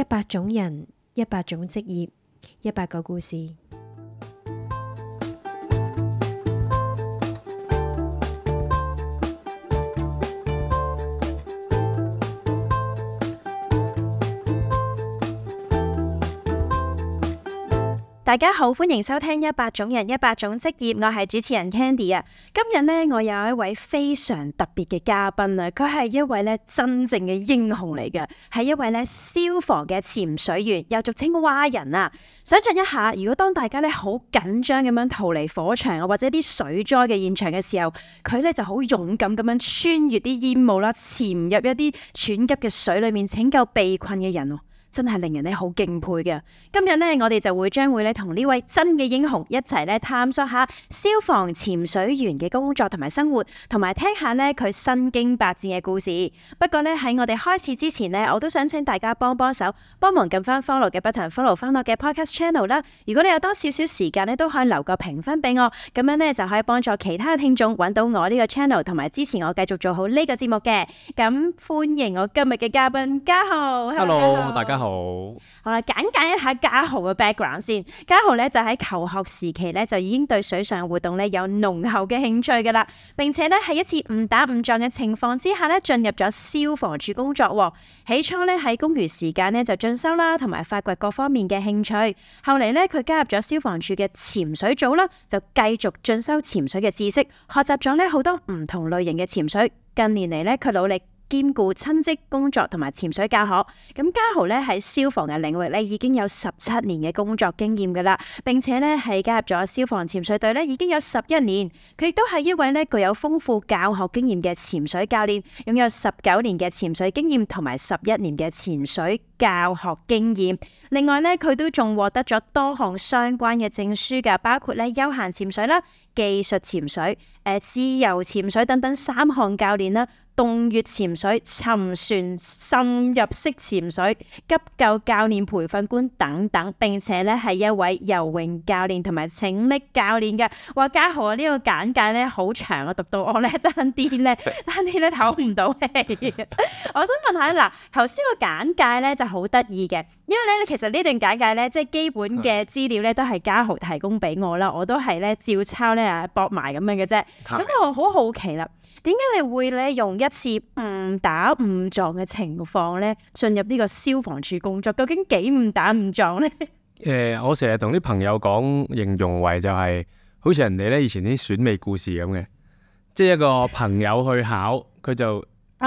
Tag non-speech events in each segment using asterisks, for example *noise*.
一百種人，一百種職業，一百個故事。大家好，歡迎收聽《一百種人，一百種職業》，我係主持人 Candy 啊。今日呢，我有一位非常特別嘅嘉賓啊，佢係一位咧真正嘅英雄嚟嘅，係一位咧消防嘅潛水員，又俗稱蛙人啊。想象一下，如果當大家咧好緊張咁樣逃離火場啊，或者啲水災嘅現場嘅時候，佢咧就好勇敢咁樣穿越啲煙霧啦，潛入一啲湍急嘅水裏面拯救被困嘅人。真係令人呢好敬佩嘅。今日呢，我哋就會將會呢同呢位真嘅英雄一齊呢探索下消防潛水員嘅工作同埋生活，同埋聽下呢佢身經百戰嘅故事。不過呢，喺我哋開始之前呢，我都想請大家幫幫手，幫忙撳翻 follow 嘅 button，follow 翻我嘅 podcast channel 啦。如果你有多少少時間呢，都可以留個評分俾我，咁樣呢就可以幫助其他聽眾揾到我呢個 channel 同埋支持我繼續做好呢個節目嘅。咁歡迎我今日嘅嘉賓嘉豪。Hello，大家。好，好啦，簡介一下嘉豪嘅 background 先。嘉豪咧就喺求學時期咧就已經對水上活動咧有濃厚嘅興趣噶啦，並且咧喺一次誤打誤撞嘅情況之下咧進入咗消防處工作。起初咧喺公餘時間咧就進修啦，同埋發掘各方面嘅興趣。後嚟咧佢加入咗消防處嘅潛水組啦，就繼續進修潛水嘅知識，學習咗咧好多唔同類型嘅潛水。近年嚟咧佢努力，兼顧親職工作同埋潛水教學，咁嘉豪咧喺消防嘅領域咧已經有十七年嘅工作經驗噶啦，並且咧係加入咗消防潛水隊咧已經有十一年，佢亦都係一位咧具有豐富教學經驗嘅潛水教練，擁有十九年嘅潛水經驗同埋十一年嘅潛水教學經驗。另外咧，佢都仲獲得咗多項相關嘅證書噶，包括咧休閒潛水啦、技術潛水、誒自由潛水等等三項教練啦。洞穴潛水、沉船滲入式潛水、急救教練培訓官等等，並且咧係一位游泳教練同埋拯溺教練嘅。哇，家豪啊，呢個簡介咧好長啊，讀到我咧差啲咧，差啲咧唞唔到氣。 *laughs* *laughs* 我想問下，嗱，頭先個簡介咧就好得意嘅，因為咧其實呢段簡介咧即係基本嘅資料咧都係家豪提供俾我啦，我都係咧照抄咧搏埋咁樣嘅啫。咁的我好好奇啦，點解你會咧用一？似誤、嗯、打誤撞嘅情況咧，進入呢個消防處工作，究竟幾誤打誤撞咧？誒、欸，我成日同啲朋友講，形容為就係、是、好似人哋咧以前啲選美故事咁嘅，即係一個朋友去考，佢就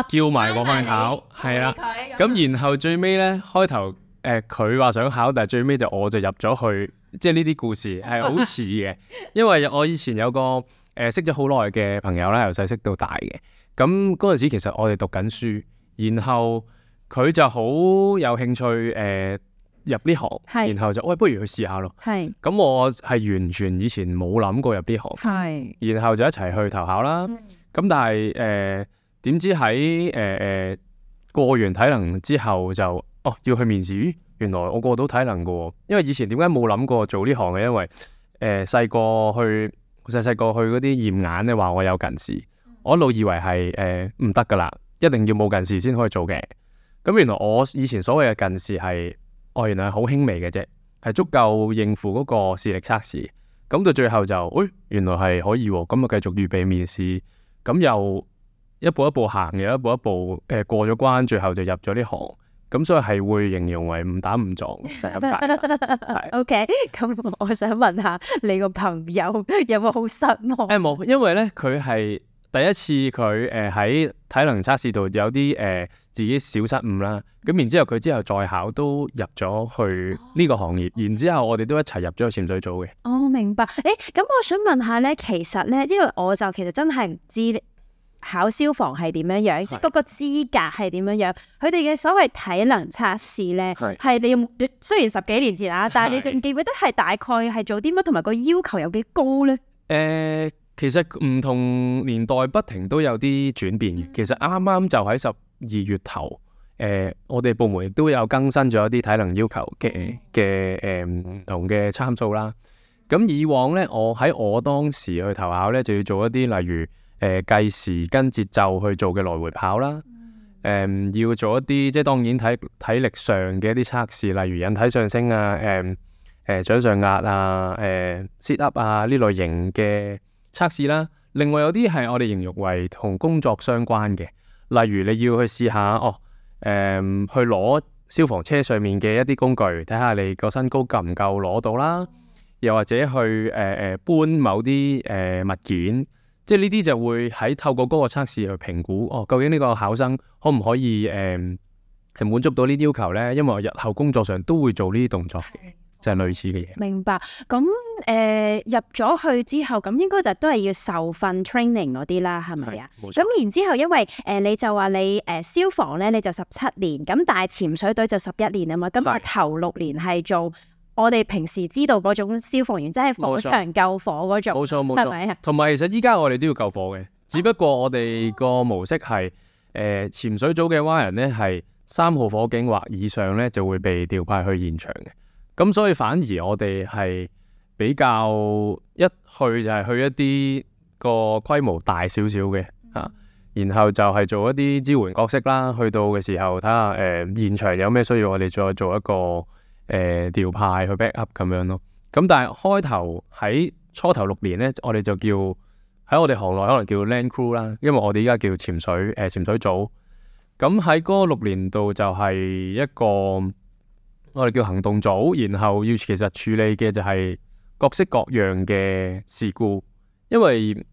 叫埋我去考，係啦、啊，咁、啊、然後最尾咧開頭誒，佢話、呃、想考，但係最尾就我就入咗去，即係呢啲故事係好似嘅， *laughs* 因為我以前有個。誒，識咗好耐嘅朋友啦，由細識到大嘅。咁嗰陣時，其實我哋讀緊書，然後佢就好有興趣誒、呃、入呢行，是然後就喂，不如去試下咯。係是。咁我係完全以前冇諗過入呢行。是然後就一齊去投考啦。咁但係誒，點、呃、知喺誒誒過完體能之後就哦要去面試？原來我過到體能噶、哦。因為以前點解冇諗過做呢行嘅？因為誒細個去。細細個去嗰啲驗眼咧，話我有近視，我一路以為係誒唔得噶啦，一定要冇近視先可以做嘅。咁原來我以前所謂嘅近視係，哦原來係好輕微嘅啫，係足夠應付嗰個視力測試。咁到最後就，誒、哎、原來係可以，咁啊繼續預備面試。咁又一步一步行，又一步一步誒、呃、過咗關，最後就入咗呢行。咁所以係會形容為誤打誤撞，就係咁解。 *laughs* 對 OK，咁我想問下你個朋友有冇好失望？誒冇，因為咧佢係第一次佢誒喺體能測試度有啲誒、呃、自己小失誤啦。咁然之後佢之後再考都入咗去呢個行業。然之後我哋都一齊入咗去潛水組嘅。我、哦、明白。誒、欸、咁，我想問下咧，其實咧，因為我就其實真係唔知。考消防係點樣樣，即係嗰個資格係點樣樣，佢哋嘅所謂體能測試呢，係是你有冇？雖然十幾年前啊，但係你仲記唔記得係大概係做啲乜，同埋個要求有幾高呢？誒、呃，其實唔同年代不停都有啲轉變、嗯、其實啱啱就喺十二月頭，誒、呃，我哋部門亦都有更新咗一啲體能要求嘅嘅誒，唔、呃呃、同嘅參數啦。咁以往呢，我喺我當時去投考呢，就要做一啲例如。誒、呃、計時跟節奏去做嘅來回跑啦，誒、呃、要做一啲即係當然體體力上嘅一啲測試，例如引體上升啊、誒、呃、誒、呃、掌上壓、呃、up, 啊、誒 sit up 啊呢類型嘅測試啦。另外有啲係我哋形容為同工作相關嘅，例如你要去試下哦，誒、呃、去攞消防車上面嘅一啲工具，睇下你個身高夠唔夠攞到啦，又或者去誒誒、呃、搬某啲誒、呃、物件。即係呢啲就會喺透過嗰個測試去評估哦，究竟呢個考生可唔可以誒係滿足到呢啲要求咧？因為我日後工作上都會做呢啲動作嘅，就係類似嘅嘢。明白。咁誒入咗去之後，咁應該就都係要受訓 training 嗰啲啦，係咪啊？咁然之後，因為誒你就話你誒消防咧，你就十七年，咁但係潛水隊就十一年啊嘛，咁頭六年係做。我哋平時知道嗰種消防員，即係火場救火嗰種，冇錯，係咪啊？冇錯，同埋其實依家我哋都要救火嘅，只不過我哋個模式係誒潛水組嘅蛙人呢，係三號火警或以上呢就會被調派去現場嘅。咁所以反而我哋係比較一去就係去一啲個規模大少少嘅吓，然後就係做一啲支援角色啦。去到嘅時候睇下誒現場有咩需要，我哋再做一個。誒、呃、調派去 backup 咁樣咯，咁、嗯、但係開頭喺初頭六年呢，我哋就叫喺我哋行內可能叫 land crew 啦，因為我哋依家叫潛水誒、呃、潛水組。咁喺嗰六年度就係一個我哋叫行動組，然後要其實處理嘅就係各式各樣嘅事故，因為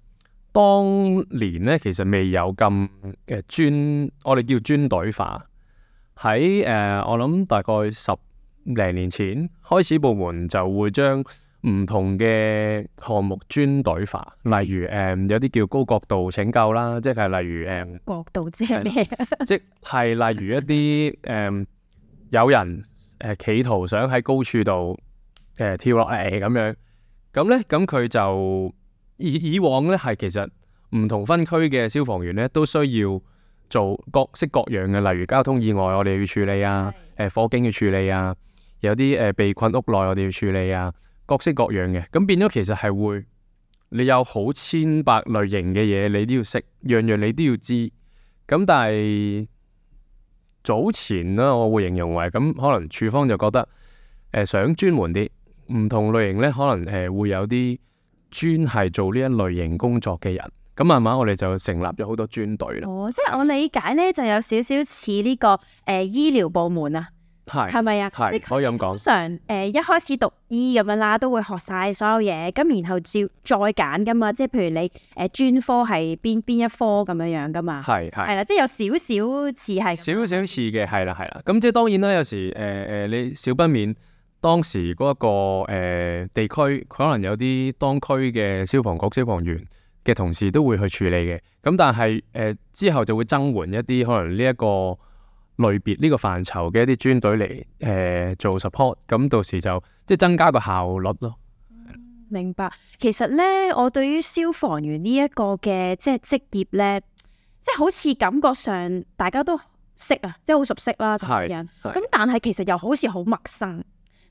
當年呢，其實未有咁嘅專，我哋叫專隊化喺誒、呃，我諗大概十零年前開始，部門就會將唔同嘅項目專隊化，例如誒、嗯、有啲叫高角度拯救啦，即係例如誒角、嗯、度 *laughs* 即係咩？即係例如一啲誒、嗯、有人誒、呃、企圖想喺高處度誒、呃、跳落嚟咁樣，咁咧，咁佢就以以往咧，係其實唔同分區嘅消防員咧都需要做各式各樣嘅，例如交通意外我哋要處理啊，誒火的警要處理啊。有啲誒被困屋內，我哋要處理啊，各式各樣嘅，咁變咗其實係會你有好千百類型嘅嘢，你都要識，樣樣你都要知。咁但係早前咧，我會形容為咁、呃，可能處方就覺得誒想專門啲，唔同類型咧，可能誒會有啲專係做呢一類型工作嘅人。咁慢慢我哋就成立咗好多專隊咯。哦，即係我理解咧，就有少少似呢個誒、呃、醫療部門啊。係，係咪啊？是即係是可以咁講。通常誒，一開始讀醫咁樣啦，都會學晒所有嘢，咁然後照再揀㗎嘛。即係譬如你誒專科係邊邊一科咁樣樣㗎嘛。係係是，係啦，即係有少少似係。少少似嘅係啦係啦，咁即係當然啦。有時誒誒、呃，你少不免當時嗰、那、一個、呃、地區，可能有啲當區嘅消防局消防員嘅同事都會去處理嘅。咁但係誒、呃、之後就會增援一啲可能呢、這、一個。類別呢個範疇嘅一啲專隊嚟誒做 support，咁到時就即係增加個效率咯。明白，其實呢，我對於消防員呢一個嘅即係職業呢，即係好似感覺上大家都識啊，即係好熟悉啦咁樣。咁、那個、但係其實又好似好陌生，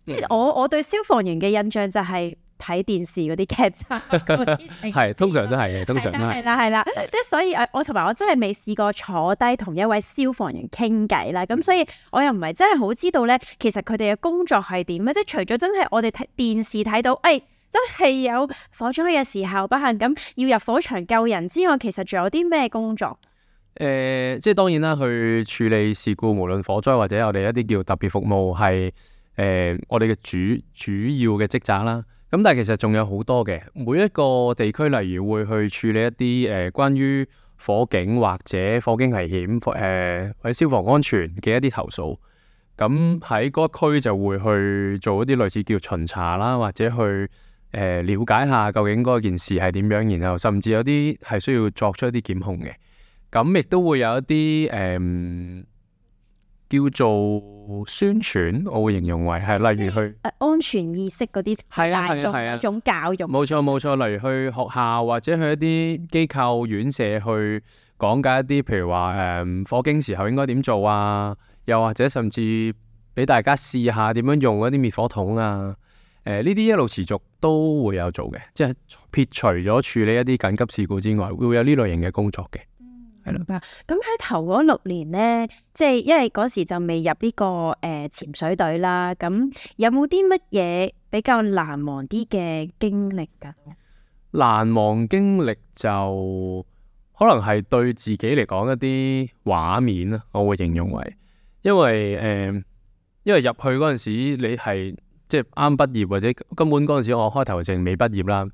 嗯、即係我我對消防員嘅印象就係、是。睇電視嗰啲劇集，係通常都係嘅，通常都係啦，係啦，即係的所以誒，我同埋我真係未試過坐低同一位消防員傾偈啦，咁、嗯、所以我又唔係真係好知道咧，其實佢哋嘅工作係點啊？即係除咗真係我哋睇電視睇到，誒、哎、真係有火災嘅時候，不幸咁要入火場救人之外，其實仲有啲咩工作？誒、呃，即係當然啦，去處理事故，無論火災或者我哋一啲叫特別服務，係誒、呃、我哋嘅主主要嘅職責啦。咁但係其實仲有好多嘅，每一個地區，例如會去處理一啲誒、呃、關於火警或者火警危險，或者、呃、消防安全嘅一啲投訴。咁喺嗰區就會去做一啲類似叫巡查啦，或者去誒瞭解下究竟嗰件事係點樣，然後甚至有啲係需要作出一啲檢控嘅。咁亦都會有一啲誒。呃叫做宣傳，我會形容為係，例如去安全意識嗰啲，係啦、啊，係啊係、啊啊、一種教育。冇錯，冇錯，例如去學校或者去一啲機構院舍去講解一啲，譬如話誒火警時候應該點做啊，又或者甚至俾大家試下點樣用嗰啲滅火筒啊。誒呢啲一路持續都會有做嘅，即係撇除咗處理一啲緊急事故之外，會有呢類型嘅工作嘅。咁喺、嗯、頭嗰六年呢，即係因為嗰時就未入呢個誒潛水隊啦。咁有冇啲乜嘢比較難忘啲嘅經歷㗎？難忘經歷就可能係對自己嚟講一啲畫面啦，我會形容為，因為誒、呃，因為入去嗰陣時你係即係啱畢業或者根本嗰陣時我開頭淨未畢業啦，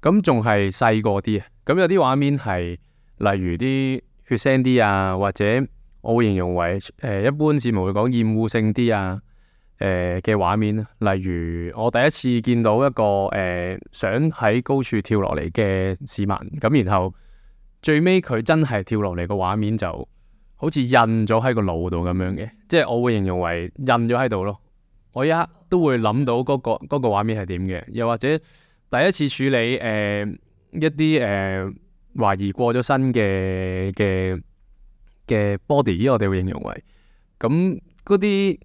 咁仲係細個啲，咁有啲畫面係。例如啲血腥啲啊，或者我會形容為誒、呃、一般市民會講厭惡性啲啊誒嘅畫面，例如我第一次見到一個誒、呃、想喺高處跳落嚟嘅市民，咁然後最尾佢真係跳落嚟嘅畫面就好似印咗喺個腦度咁樣嘅，即係我會形容為印咗喺度咯。我一刻都會諗到嗰個嗰個畫面係點嘅，又或者第一次處理誒、呃、一啲誒。呃懷疑過咗新嘅嘅嘅 body，我哋會形容為咁嗰啲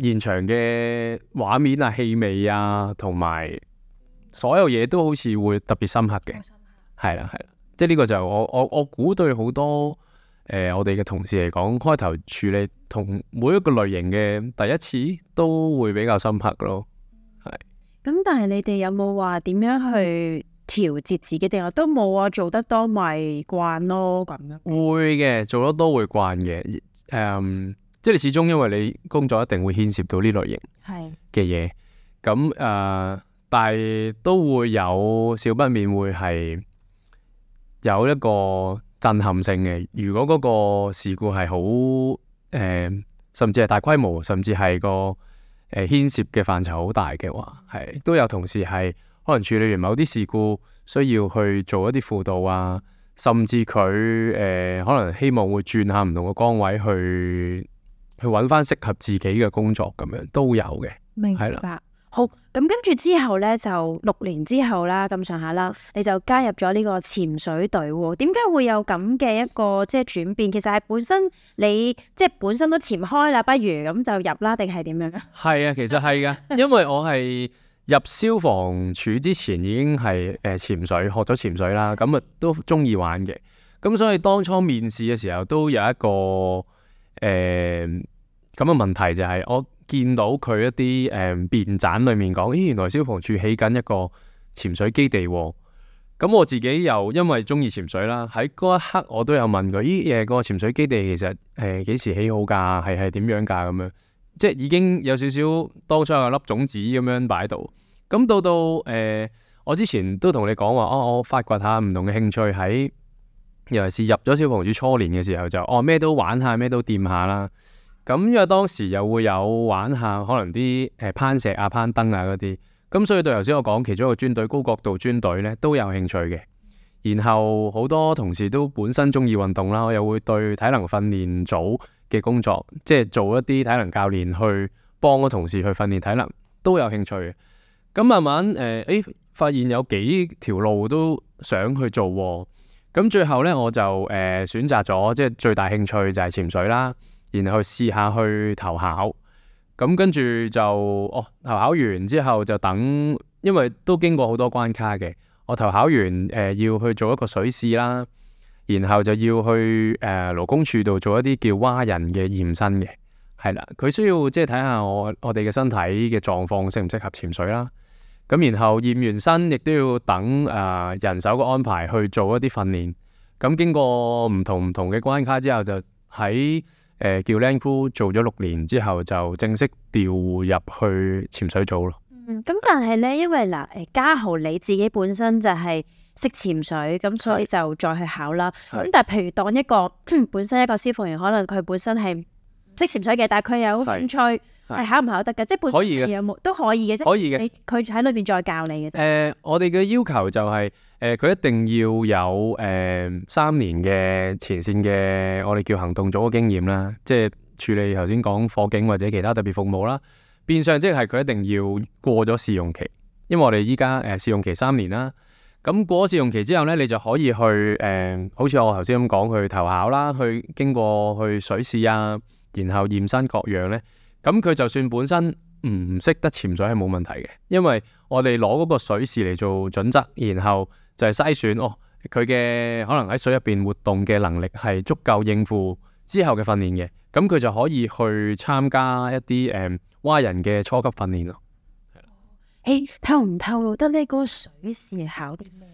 現場嘅畫面啊、氣味啊，同埋所有嘢都好似會特別深刻嘅，係啦，係啦，即係呢個就我我我估對好多誒、呃、我哋嘅同事嚟講，開頭處理同每一個類型嘅第一次都會比較深刻咯，係。咁但係你哋有冇話點樣去？嗯調節自己定？我都冇啊，做得多咪慣咯咁樣。會嘅，做得多會慣嘅，誒、um，即係你始終因為你工作一定會牽涉到呢類型係嘅嘢，咁誒是、呃，但係都會有少不免會係有一個震撼性嘅。如果嗰個事故係好誒，甚至係大規模，甚至係個誒牽涉嘅範疇好大嘅話，係都有同事係。可能處理完某啲事故，需要去做一啲輔導啊，甚至佢誒、呃、可能希望會轉下唔同嘅崗位去去搵返適合自己嘅工作咁樣都有嘅，明白。啦好，咁跟住之後呢，就六年之後啦，咁上下啦，你就加入咗呢個潛水隊喎。點解會有咁嘅一個即係、就是、轉變？其實係本身你即係、就是、本身都潛開啦，不如咁就入啦，定係點樣？係啊，其實係嘅， *laughs* 因為我係。入消防處之前已經係誒潛水學咗潛水啦，咁啊都中意玩嘅，咁所以當初面試嘅時候都有一個誒咁嘅問題就係我見到佢一啲誒編撰裏面講，咦、哎、原來消防處起緊一個潛水基地，咁我自己又因為中意潛水啦，喺嗰一刻我都有問佢，咦、哎、嘢、個潛水基地其實誒幾時起好噶，係係點樣噶咁樣。即係已經有少少當初有粒種子咁樣擺喺度，咁到到誒、呃，我之前都同你講話，哦，我發掘下唔同嘅興趣，喺尤其是入咗消防處初年嘅時候就，哦，咩都玩下，咩都掂下啦。咁因為當時又會有玩下可能啲誒攀石啊、攀登啊嗰啲，咁、嗯、所以對頭先我講其中一個專隊高角度專隊咧都有興趣嘅。然後好多同事都本身中意運動啦，我又會對體能訓練組嘅工作，即係做一啲體能教練去幫個同事去訓練體能都有興趣。咁慢慢誒，誒、呃哎、發現有幾條路都想去做、啊。咁、嗯、最後呢，我就誒、呃、選擇咗，即係最大興趣就係潛水啦，然後去試下去投考。咁、嗯、跟住就哦，投考完之後就等，因為都經過好多關卡嘅。我投考完，誒、呃、要去做一個水試啦，然後就要去誒勞、呃、工處度做一啲叫蛙人嘅驗身嘅，係啦，佢需要即係睇下我我哋嘅身體嘅狀況適唔適合潛水啦。咁、啊、然後驗完身，亦都要等誒、呃、人手嘅安排去做一啲訓練。咁、啊、經過唔同唔同嘅關卡之後就，就喺誒叫僆姑做咗六年之後，就正式調入去潛水組咯。咁、嗯、但係咧，因為嗱，誒，嘉豪，你自己本身就係識潛水，咁是所以就再去考啦。咁是但係譬如當一個本身一個消防員，可能佢本身係識潛水嘅，但係佢有興趣，係考唔考得噶？即係本身佢有冇都可以嘅啫。可以嘅，佢喺裏邊再教你嘅。誒、呃，我哋嘅要求就係、是，誒、呃，佢一定要有誒、呃、三年嘅前線嘅我哋叫行動組嘅經驗啦，即係處理頭先講火警或者其他，其他特別服務啦。變相即係佢一定要過咗試用期，因為我哋依家誒試用期三年啦。咁過咗試用期之後呢，你就可以去誒、呃，好似我頭先咁講，去投考啦，去經過去水試啊，然後驗身各樣呢。咁、啊、佢、嗯、就算本身唔識得潛水係冇問題嘅，因為我哋攞嗰個水試嚟做準則，然後就係篩選哦，佢嘅可能喺水入邊活動嘅能力係足夠應付之後嘅訓練嘅。咁佢就可以去參加一啲誒、嗯、蛙人嘅初級訓練咯。誒，透唔透露得呢個水試考啲咩？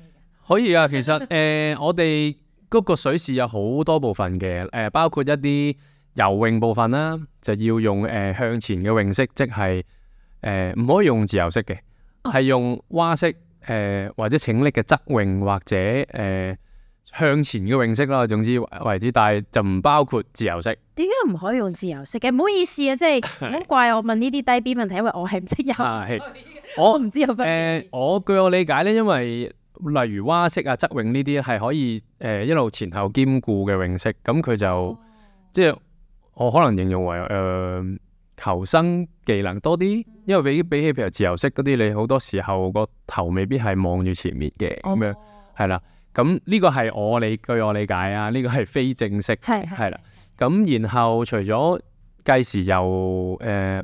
可以啊，其實誒、呃、我哋嗰個水試有好多部分嘅，誒、呃、包括一啲游泳部分啦，就要用誒、呃、向前嘅泳式，即係誒唔可以用自由式嘅，係用蛙式誒、呃、或者請力嘅側泳或者誒。呃向前嘅泳式啦，總之為之，但係就唔包括自由式。點解唔可以用自由式嘅？唔好意思啊，即係唔好怪我問呢啲低 B 問題， *laughs* 因為我係唔識游、啊。我唔知有咩。誒、呃，我據我理解咧，因為例如蛙式啊、側泳呢啲係可以誒、呃、一路前後兼顧嘅泳式，咁佢就、哦、即係我可能形容為誒、呃、求生技能多啲，因為比比起譬如自由式嗰啲，你好多時候個頭未必係望住前面嘅咁樣，係啦、哦。哦咁呢個係我理據，我理解啊，呢、呢個係非正式，係係啦。咁然後除咗計時遊誒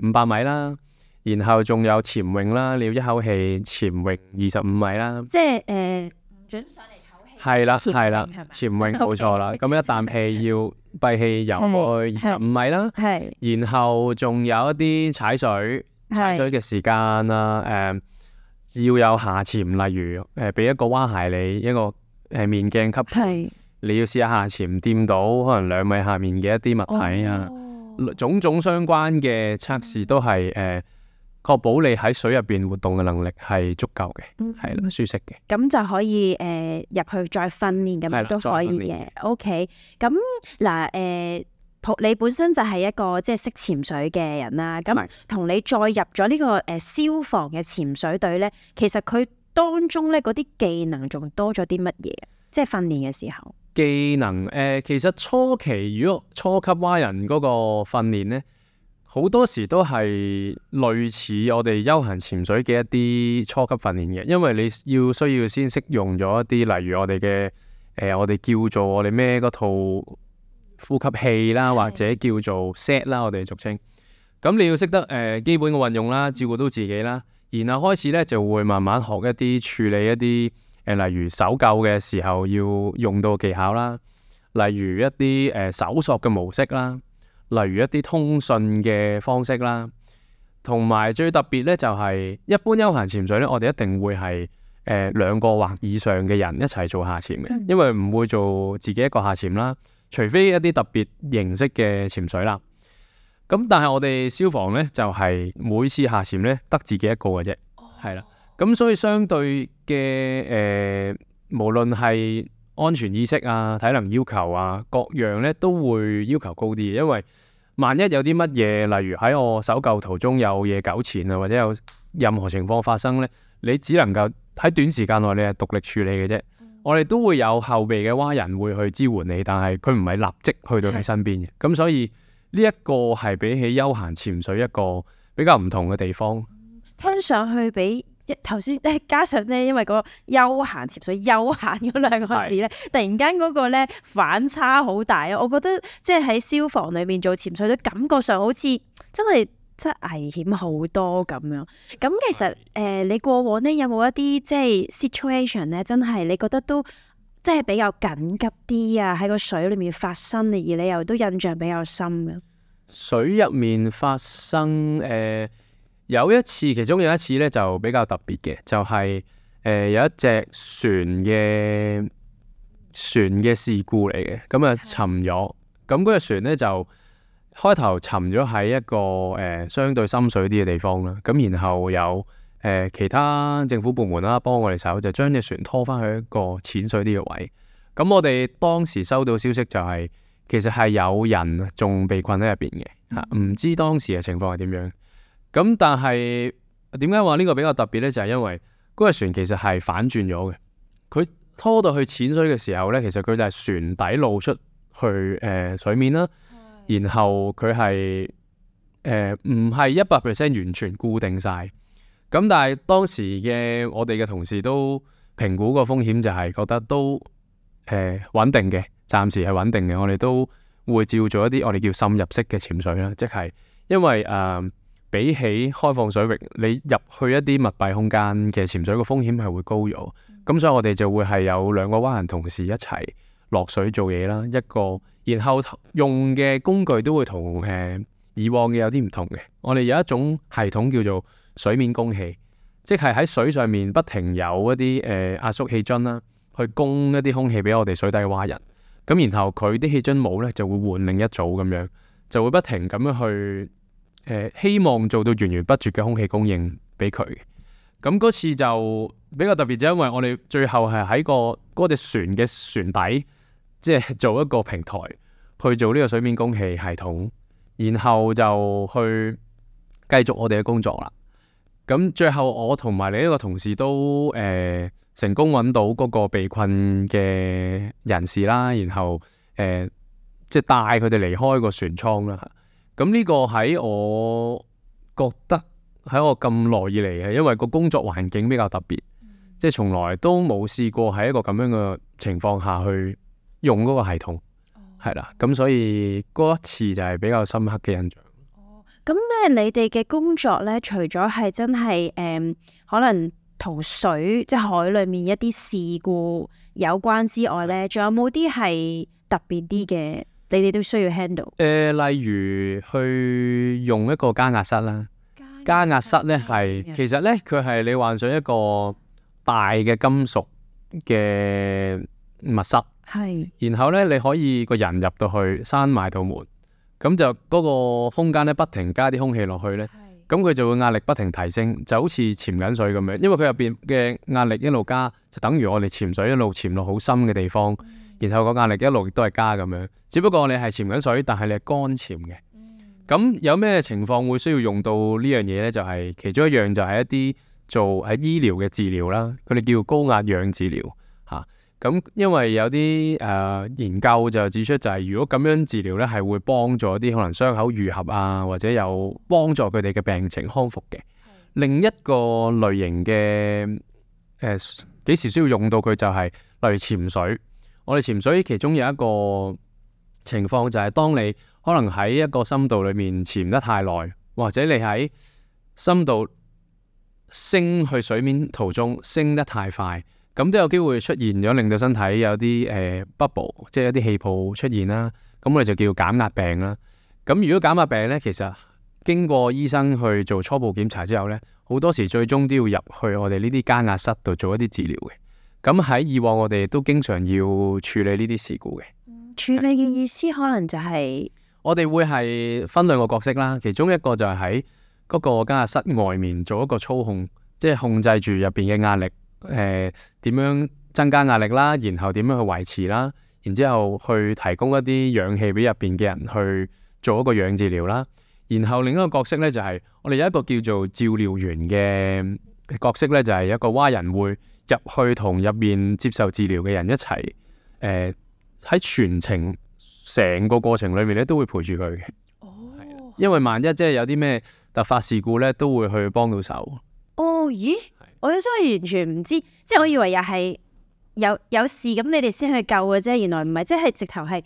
五百米啦，然後仲有潛泳啦，你要一口氣潛泳二十五米啦。即係誒唔準上嚟唞氣。係啦係啦，潛泳冇錯啦。咁一啖氣要閉氣遊過去二十五米啦。係。然後仲有一啲踩水，踩水嘅時間啦。誒是是、嗯、要有下潛，例如誒俾一個蛙鞋你一個。誒面鏡級，你要試一下潛掂到可能兩米下面嘅一啲物體啊，種種相關嘅測試都係誒確保你喺水入邊活動嘅能力係足夠嘅，係啦，舒適嘅。咁就可以誒入去再訓練咁樣都可以嘅。OK，咁嗱誒，普你本身就係一個即係識潛水嘅人啦，咁同你再入咗呢個誒消防嘅潛水隊咧，其實佢。當中咧，嗰啲技能仲多咗啲乜嘢？即係訓練嘅時候，技能誒、呃，其實初期如果初級蛙人嗰個訓練咧，好多時都係類似我哋休閒潛水嘅一啲初級訓練嘅，因為你要需要先識用咗一啲，例如我哋嘅誒，我哋叫做我哋咩嗰套呼吸器啦，是或者叫做 set 啦，我哋俗稱，咁你要識得誒、呃、基本嘅運用啦，照顧到自己啦。然後開始咧就會慢慢學一啲處理一啲誒，例如搜救嘅時候要用到技巧啦，例如一啲誒、呃、搜索嘅模式啦，例如一啲通訊嘅方式啦，同埋最特別咧就係一般休閒潛水咧，我哋一定會係誒、呃、兩個或以上嘅人一齊做下潛嘅，因為唔會做自己一個下潛啦，除非一啲特別形式嘅潛水啦。咁但係我哋消防呢，就係、是、每次下潛呢得自己一個嘅啫，係啦、oh.，咁所以相對嘅誒、呃，無論係安全意識啊、體能要求啊，各樣呢都會要求高啲，因為萬一有啲乜嘢，例如喺我搜救途中有嘢糾纏啊，或者有任何情況發生呢，你只能夠喺短時間內你係獨立處理嘅啫。Mm. 我哋都會有後備嘅蛙人會去支援你，但係佢唔係立即去到你身邊嘅，咁 Yes. 所以。呢一個係比起休閒潛水一個比較唔同嘅地方，聽上去比一頭先，加上咧，因為個休閒潛水、休閒嗰兩個字咧，是突然間嗰個咧反差好大啊！我覺得即係喺消防裏面做潛水，都感覺上好似真係真危險好多咁樣。咁其實誒是、呃，你過往呢，有冇一啲即係 situation 咧，真係你覺得都？即係比較緊急啲啊，喺個水裏面發生，而你又都印象比較深嘅。水入面發生，誒、呃，有一次，其中有一次呢就比較特別嘅，就係、是、誒、呃、有一隻船嘅船嘅事故嚟嘅，咁啊沉咗。咁嗰隻船呢就開頭沉咗喺一個誒、呃、相對深水啲嘅地方啦，咁然後有。誒，其他政府部門啦，幫我哋手就將、是、隻船拖翻去一個淺水啲嘅位。咁我哋當時收到消息就係、是，其實係有人仲被困喺入邊嘅吓，唔知當時嘅情況係點樣。咁但係點解話呢個比較特別呢？就係、是、因為嗰個船其實係反轉咗嘅，佢拖到去淺水嘅時候呢，其實佢就係船底露出去誒、呃、水面啦，然後佢係誒唔係一百 percent 完全固定晒。咁但係當時嘅我哋嘅同事都評估個風險，就係覺得都誒穩定嘅，暫時係穩定嘅。我哋都會照做一啲我哋叫滲入式嘅潛水啦，即係因為誒、呃、比起開放水域，你入去一啲密閉空間嘅潛水嘅風險係會高咗。咁、嗯、所以我哋就會係有兩個蛙人同事一齊落水做嘢啦，一個然後用嘅工具都會同誒、呃、以往嘅有啲唔同嘅。我哋有一種系統叫做水面供氣，即係喺水上面不停有一啲誒壓縮氣樽啦，去供一啲空氣俾我哋水底嘅蛙人。咁然後佢啲氣樽冇呢，就會換另一組咁樣，就會不停咁樣去、呃、希望做到源源不絕嘅空氣供應俾佢。咁嗰次就比較特別，就因為我哋最後係喺個嗰隻、那個、船嘅船底，即係做一個平台去做呢個水面供氣系統，然後就去繼續我哋嘅工作啦。咁最後我同埋另一個同事都誒、呃、成功揾到個被困嘅人士啦，然後誒、呃、即係帶佢哋離開個船艙啦。咁、嗯、呢、嗯、個喺我覺得喺我咁耐以嚟啊，因為個工作環境比較特別，嗯、即係從來都冇試過喺一個咁樣嘅情況下去用個個系統，係啦、哦。咁、嗯、所以嗰一次就係比較深刻嘅印象。咁咧，你哋嘅工作咧，除咗係真係，誒、呃，可能同水即係海裏面一啲事故有關之外咧，仲有冇啲係特別啲嘅？你哋都需要 handle？誒、呃，例如去用一個加壓室啦。加壓室咧係，呢其實咧佢係你幻想一個大嘅金屬嘅密室，係是。然後咧你可以個人入到去閂埋道門。咁就嗰個空間咧，不停加啲空氣落去咧，咁佢是就會壓力不停提升，就好似潛緊水咁樣，因為佢入邊嘅壓力一路加，就等於我哋潛水一路潛落好深嘅地方，嗯、然後個壓力一路亦都係加咁樣。只不過你係潛緊水，但係你係乾潛嘅。咁、嗯、有咩情況會需要用到呢樣嘢咧？就係、是、其中一樣就係一啲做喺醫療嘅治療啦，佢哋叫高壓氧治療，吓、啊。咁，因為有啲誒、呃、研究就指出，就係如果咁樣治療咧，係會幫助一啲可能傷口愈合啊，或者有幫助佢哋嘅病情康復嘅。另一個類型嘅誒，幾、呃、時需要用到佢就係、是、例如潛水。我哋潛水其中有一個情況就係，當你可能喺一個深度裏面潛得太耐，或者你喺深度升去水面途中升得太快。咁都有機會出現咗，令到身體有啲誒、呃、bubble，即係一啲氣泡出現啦。咁我哋就叫減壓病啦。咁如果減壓病呢，其實經過醫生去做初步檢查之後呢，好多時最終都要入去我哋呢啲加壓室度做一啲治療嘅。咁喺以往我哋都經常要處理呢啲事故嘅。處理嘅意思可能就係、是、我哋會係分兩個角色啦，其中一個就係喺嗰個加壓室外面做一個操控，即係控制住入邊嘅壓力。誒，點、呃、樣增加壓力啦？然後點樣去維持啦？然之後去提供一啲氧氣俾入邊嘅人去做一個氧治療啦。然後另一個角色呢，就係、是、我哋有一個叫做照料員嘅角色呢，就係、是、一個蛙人會入去同入面接受治療嘅人一齊誒喺全程成個過程裏面咧都會陪住佢嘅。哦，因為萬一即係有啲咩突發事故呢，都會去幫到手。哦，咦？我都真係完全唔知，即係我以為又係有有事咁，你哋先去救嘅啫。原來唔係，即係直頭係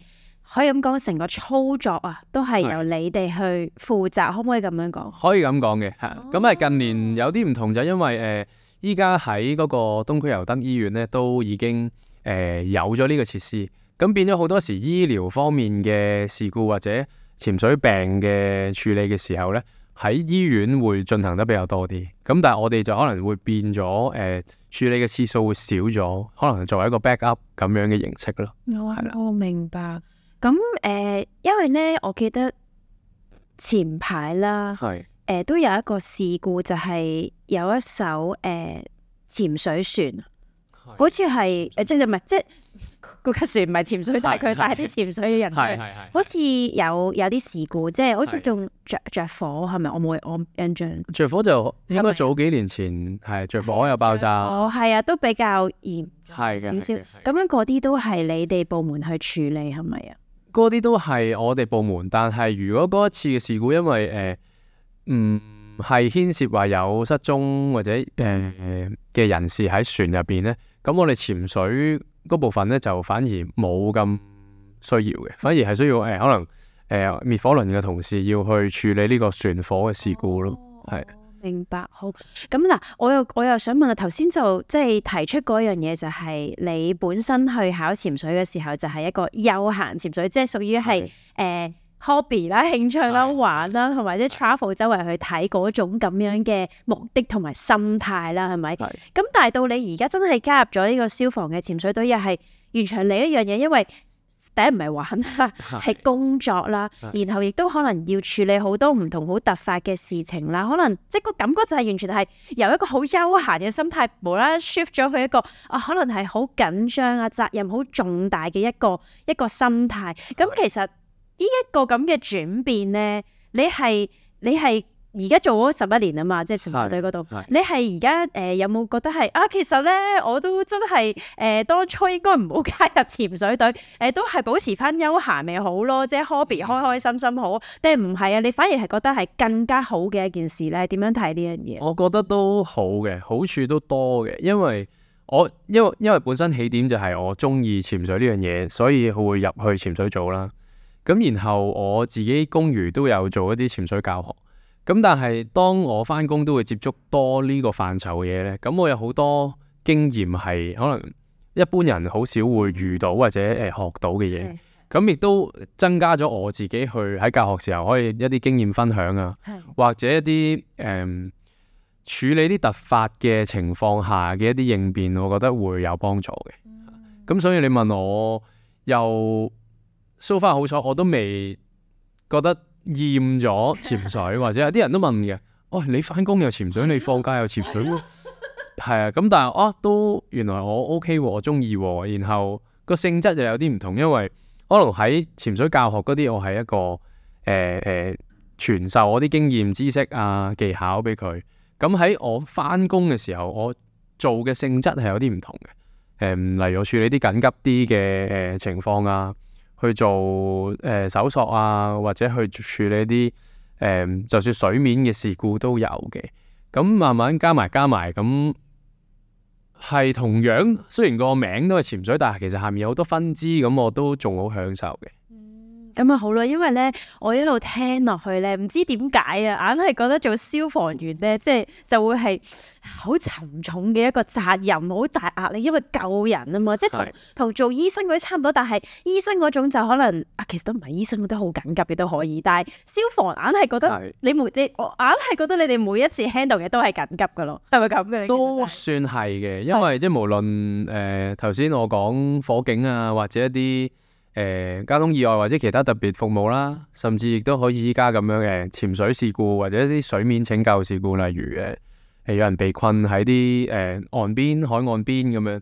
可以咁講，成個操作啊，都係由你哋去負責，是可唔可以咁樣講？可以咁講嘅嚇。咁啊，哦、近年有啲唔同就因為誒依家喺嗰個東區尤德醫院咧，都已經誒、呃、有咗呢個設施。咁變咗好多時醫療方面嘅事故或者潛水病嘅處理嘅時候咧。喺醫院會進行得比較多啲，咁但係我哋就可能會變咗，誒、呃、處理嘅次數會少咗，可能作為一個 backup 咁樣嘅形式咯。我，吧我明白，咁誒、呃，因為呢，我記得前排啦，係誒是、呃，都有一個事故，就係有一艘誒潛、呃、水船，的好似係誒，即係唔係即。嗰架船唔係潛水，但係佢帶啲潛水嘅人出嚟，好似有有啲事故，是即係好似仲着着火，係咪？我冇我，印象着火就應該早幾年前係着火，有爆炸，哦，係啊，那那都比較嚴少少。咁樣嗰啲都係你哋部門去處理係咪啊？嗰啲都係我哋部門，但係如果嗰一次嘅事故，因為誒唔係牽涉話有失蹤或者誒嘅、呃、人士喺船入邊咧。咁我哋潛水嗰部分咧，就反而冇咁需要嘅，反而係需要誒、呃，可能誒呃、滅火輪嘅同事要去處理呢個船火嘅事故咯，係、哦、是明白好。咁嗱，我又我又想問啊，頭先就即係提出嗰樣嘢就係你本身去考潛水嘅時候，就係一個休閒潛水，即係屬於係誒。的 Hobby 啦、興趣啦、玩啦，同埋啲 travel 周圍去睇嗰種咁樣嘅目的同埋心態啦，係咪？咁但係到你而家真係加入咗呢個消防嘅潛水隊，又係完全另一樣嘢，因為第一唔係玩，係工作啦。然後亦都可能要處理好多唔同好突發嘅事情啦。可能即係個感覺就係完全係由一個好休閒嘅心態，無啦 shift 咗去一個啊，可能係好緊張啊、責任好重大嘅一個一個心態。咁其實，呢一個咁嘅轉變呢，你係你係而家做咗十一年啊嘛，即係潛水隊嗰度。你係而家誒有冇覺得係啊？其實呢，我都真係誒、呃、當初應該唔好加入潛水隊，誒、呃、都係保持翻休閒咪好咯，即係 Hobby，開開心心好。但係唔係啊？你反而係覺得係更加好嘅一件事呢？點樣睇呢樣嘢？我覺得都好嘅，好處都多嘅，因為我因為因為本身起點就係我中意潛水呢樣嘢，所以佢會入去潛水組啦。咁然後我自己公餘都有做一啲潛水教學，咁但係當我翻工都會接觸多呢個範疇嘅嘢呢，咁我有好多經驗係可能一般人好少會遇到或者誒學到嘅嘢，咁亦都增加咗我自己去喺教學時候可以一啲經驗分享啊，或者一啲誒、呃、處理啲突發嘅情況下嘅一啲應變，我覺得會有幫助嘅。咁所以你問我又。So far 好彩，我都未覺得厭咗潛水，或者有啲人都問嘅。喂，你返工又潛水，你放假又潛水，係啊。咁但係哦，都原來我 OK 喎，我中意喎。然後個性質又有啲唔同，因為可能喺潛水教學嗰啲，我係一個誒誒傳授我啲經驗知識啊技巧俾佢。咁喺我返工嘅時候，我做嘅性質係有啲唔同嘅。誒，例如我處理啲緊急啲嘅誒情況啊。去做誒、呃、搜索啊，或者去處理啲誒、呃，就算水面嘅事故都有嘅。咁慢慢加埋加埋，咁係同樣，雖然個名都係潛水，但係其實下面有好多分支，咁我都仲好享受嘅。咁啊好啦，因為咧，我一路聽落去咧，唔知點解啊，硬係覺得做消防員咧，即係就會係好沉重嘅一個責任，好大壓力，因為救人啊嘛，即係同同做醫生嗰啲差唔多，但係醫生嗰種就可能啊，其實都唔係醫生嗰啲好緊急嘅都可以，但係消防硬係覺得你每你硬係覺得你哋每一次 handle 嘅都係緊急噶咯，係咪咁嘅？你都算係嘅，因為即係無論誒頭先我講火警啊，或者一啲。誒，交通、呃、意外或者其他特別服務啦，甚至亦都可以依家咁樣嘅潛水事故或者啲水面拯救事故，例如誒、呃，有人被困喺啲誒岸邊海岸邊咁樣，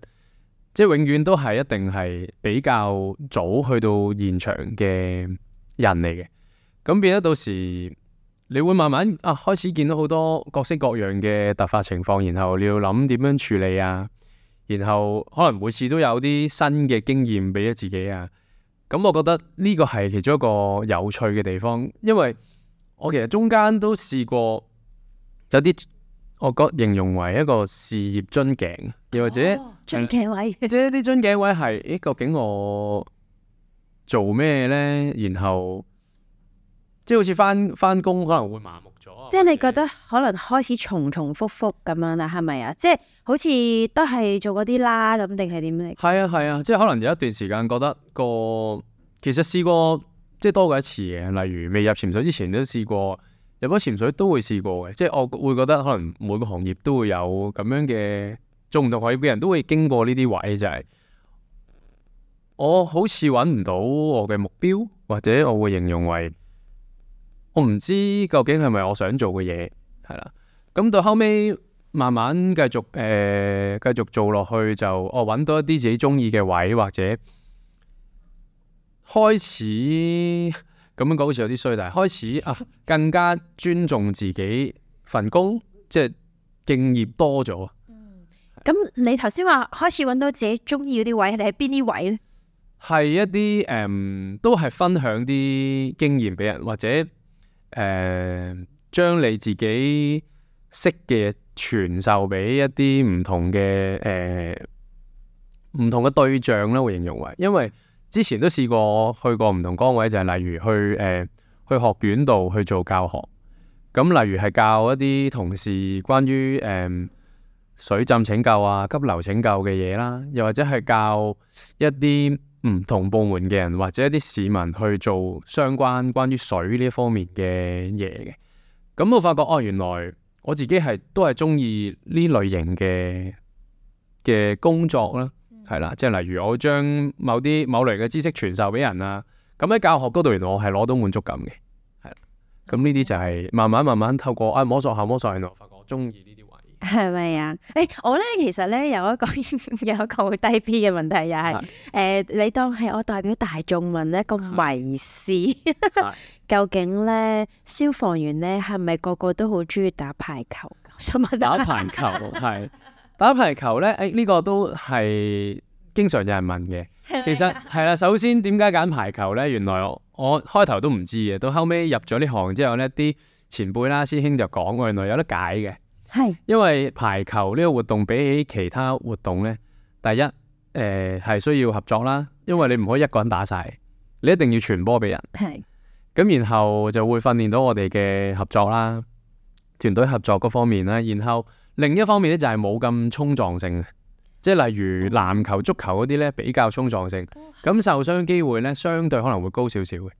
即係永遠都係一定係比較早去到現場嘅人嚟嘅。咁變得到時你會慢慢啊開始見到好多各式各樣嘅突發情況，然後你要諗點樣處理啊，然後可能每次都有啲新嘅經驗俾咗自己啊。咁、嗯、我覺得呢個係其中一個有趣嘅地方，因為我其實中間都試過有啲我覺得形容為一個事業樽頸，又或者、哦、樽頸位，即係呢啲樽頸位係，誒，究竟我做咩咧？然後。即係好似返返工可能會麻木咗，即係你覺得可能開始重重覆覆咁樣啦，係咪啊，啊？即係好似都係做嗰啲啦，咁定係點嚟？係啊係啊，即係可能有一段時間覺得個其實試過即係多過一次嘅，例如未入潛水之前都試過，入咗潛水都會試過嘅。即係我會覺得可能每個行業都會有咁樣嘅，做唔同行業嘅人都會經過呢啲位就係、是。我好似揾唔到我嘅目標，或者我會形容為。我唔知究竟係咪我想做嘅嘢，係啦。咁到後尾慢慢繼續誒，繼、呃、續做落去就，我、哦、搵到一啲自己中意嘅位，或者開始咁樣講好似有啲衰，但係開始啊，更加尊重自己份工，即係敬業多咗。嗯，咁你頭先話開始搵到自己中意嗰啲位，你喺邊啲位咧？係一啲誒，都係分享啲經驗俾人或者。誒、將、呃、你自己識嘅嘢傳授俾一啲唔同嘅誒，唔、呃、同嘅對象啦，會形容為，因為之前都試過去過唔同崗位，就係、是、例如去誒、呃、去學院度去做教學，咁例如係教一啲同事關於誒、呃、水浸拯救啊、急流拯救嘅嘢啦，又或者係教一啲。唔同部門嘅人或者一啲市民去做相關關於水呢方面嘅嘢嘅，咁我發覺哦，原來我自己係都係中意呢類型嘅嘅工作啦，係、嗯、啦，即係例如我將某啲某類嘅知識傳授俾人啊，咁喺教學嗰度，原來我係攞到滿足感嘅，係啦，咁呢啲就係慢慢慢慢透過啊摸索下摸索下，摸索下原來我發覺我中意呢。係咪啊？誒、欸，我咧，其實咧有一個有一個好低 B 嘅問題，就是，又係誒，你當係我代表大眾問咧個迷思，的 *laughs* 究竟咧消防員咧係咪個個都好中意打排球？想問打排球係打排球咧？誒、欸，呢、這個都係經常有人問嘅。是是啊、其實係啦，首先點解揀排球咧？原來我我開頭都唔知嘅，到後尾入咗呢行之後咧，啲前輩啦、師兄就講，原來有得解嘅。係，因為排球呢個活動比起其他活動呢，第一，誒、呃、係需要合作啦，因為你唔可以一個人打晒，你一定要傳波俾人。係是，咁然後就會訓練到我哋嘅合作啦，團隊合作嗰方面啦。然後另一方面呢，就係冇咁衝撞性，即係例如籃球、足球嗰啲呢，比較衝撞性，咁受傷機會呢，相對可能會高少少嘅。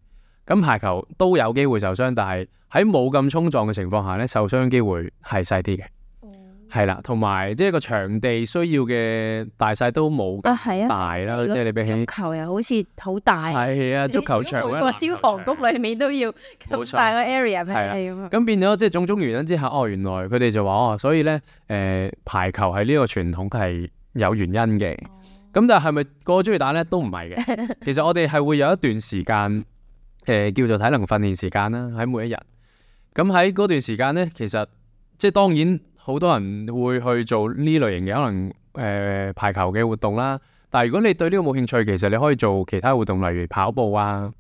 咁排球都有機會受傷，但係喺冇咁衝撞嘅情況下咧，受傷機會係細啲嘅。哦、嗯，係啦，同埋即係個場地需要嘅大細都冇咁大啦。啊啊、即係你比起足球又好似好大。係啊，足球場個消防局裏面都要咁大個 area 俾咁。咁變咗即係種種原因之下，哦，原來佢哋就話哦，所以咧，誒、呃、排球係呢個傳統係有原因嘅。咁、哦、但係咪個中意打咧都唔係嘅？ *laughs* 其實我哋係會有一段時間。誒叫做體能訓練時間啦，喺每一日。咁喺嗰段時間呢，其實即係當然，好多人會去做呢類型嘅可能誒、呃、排球嘅活動啦。但係如果你對呢個冇興趣，其實你可以做其他活動，例如跑步啊，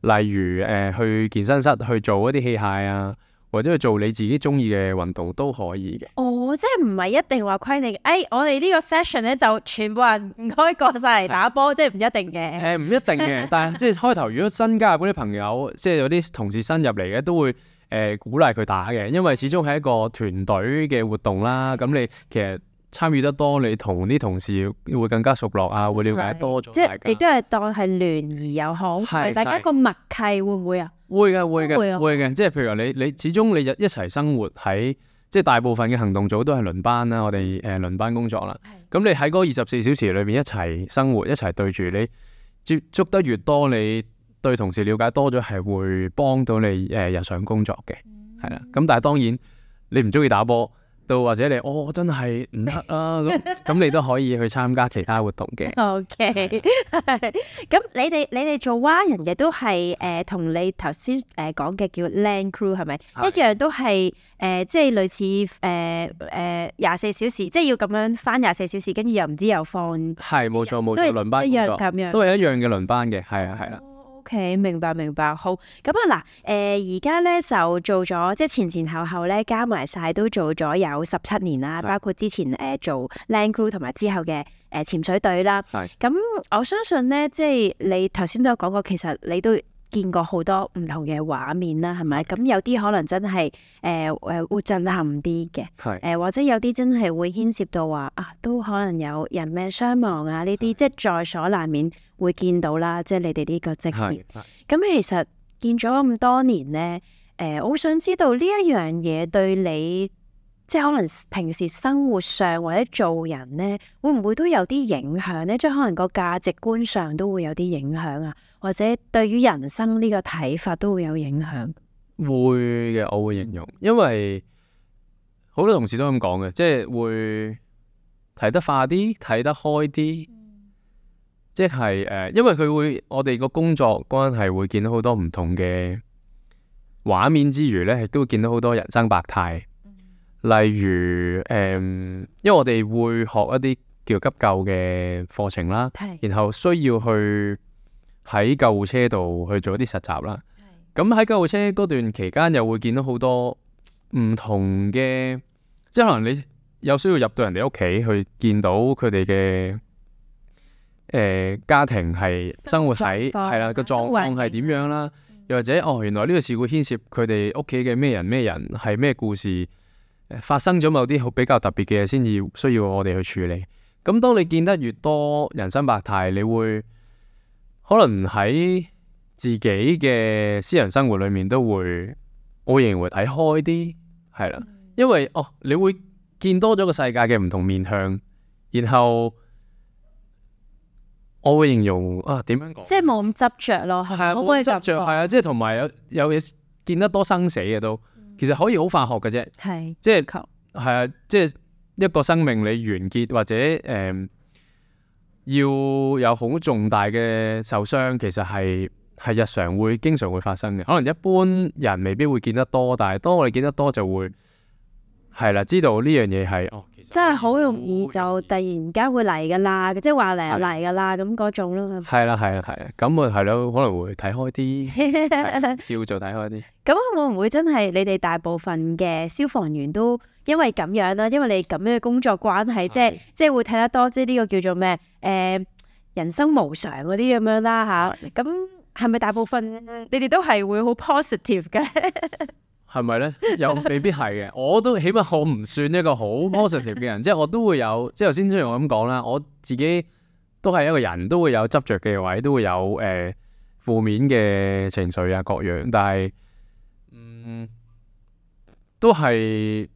例如誒、呃、去健身室去做一啲器械啊。或者去做你自己中意嘅運動都可以嘅。哦，即係唔係一定話規定，誒，我哋呢個 session 咧，就全部人唔可以過晒嚟打波，即係唔一定嘅。誒，唔一定嘅，但係即係開頭如果新加入嗰啲朋友，即係有啲同事新入嚟嘅，都會誒鼓勵佢打嘅，因為始終係一個團隊嘅活動啦。咁你其實參與得多，你同啲同事會更加熟絡啊，會了解多咗。即係亦都係當係聯誼又好，係大家個默契會唔會啊？會嘅，會嘅，會嘅的，即係譬如你，你始終你一一齊生活喺，即係大部分嘅行動組都係輪班啦，我哋誒輪班工作啦。咁的你喺嗰二十四小時裏邊一齊生活，一齊對住你接觸得越多，你對同事了解多咗，係會幫到你誒、呃、日常工作嘅，係啦、嗯。咁但係當然你唔中意打波。到或者你我、哦、真係唔得啊咁咁， *laughs* 你都可以去參加其他活動嘅。O K，咁你哋你哋做蛙人嘅都係誒，同、呃、你頭先誒講嘅叫 land crew 係咪是一樣都係誒、呃，即係類似誒誒廿四小時，即係要咁樣返廿四小時，跟住又唔知又放。係冇錯冇錯，錯錯是輪班一樣都係一樣嘅輪班嘅，係啊係啦。OK，明白明白，好，咁啊嗱，誒而家咧就做咗，即係前前後後咧加埋晒都做咗有十七年啦，是包括之前誒做 Land Crew 同埋之後嘅誒潛水隊啦。係是，咁我相信咧，即係你頭先都有講過，其實你都。見過好多唔同嘅畫面啦，係咪？咁有啲可能真係，誒、呃、誒，會震撼啲嘅。係誒是，或者有啲真係會牽涉到話啊，都可能有人命傷亡啊，呢啲是即係在所難免會見到啦。即係你哋呢個職業，咁其實見咗咁多年咧，誒、呃，我想知道呢一樣嘢對你。即係可能平時生活上或者做人呢，會唔會都有啲影響呢？即係可能個價值觀上都會有啲影響啊，或者對於人生呢個睇法都會有影響。會嘅，我會形容，因為好多同事都咁講嘅，即係會睇得化啲，睇得開啲，即係誒、呃，因為佢會我哋個工作關係會見到好多唔同嘅畫面之餘呢，亦都會見到好多人生百態。例如誒、嗯，因為我哋會學一啲叫急救嘅課程啦，的然後需要去喺救護車度去做一啲實習啦。咁喺的救護車嗰段期間，又會見到好多唔同嘅，即係可能你有需要入到人哋屋企去見到佢哋嘅誒家庭係生活喺係啦個狀況係點的樣啦，又的或者哦原來呢個事故牽涉佢哋屋企嘅咩人咩人係咩故事？誒，發生咗某啲好比較特別嘅嘢，先至需要我哋去處理。咁當你見得越多人生百態，你會可能喺自己嘅私人生活裏面都會，我認為睇開啲，係啦。因為哦，你會見多咗個世界嘅唔同面向，然後我會形容啊，點樣講？即係冇咁執着咯，係咪的？冇咁執着，係啊，即係同埋有有嘢見得多生死嘅都。其實可以好化學㗎啫，係，即係係啊，即係一個生命你完結或者誒、呃、要有好重大嘅受傷，其實係係日常會經常會發生嘅。可能一般人未必會見得多，但係當我哋見得多就會。係啦，知道呢樣嘢係，真係好容易就突然間會嚟㗎啦，即係話嚟嚟㗎啦，咁嗰種咯。係啦係啦係啦，咁我係咯可能會睇開啲，叫 *laughs* 做睇開啲。咁會唔會真係你哋大部分嘅消防員都因為咁樣啦，因為你咁樣嘅工作關係，的即係即係會睇得多即係呢個叫做咩誒、呃、人生無常嗰啲咁樣啦吓，咁係咪大部分你哋都係會好 positive 嘅？的 *laughs* *laughs* 係咪呢？又未必係嘅。 *laughs* 我都起碼我唔算一個好 positive 嘅人， *laughs* 即係我都會有，即係頭先正如我咁講啦。我自己都係一個人都會有執着嘅位，都會有誒、呃、負面嘅情緒啊各樣。但係，嗯，都係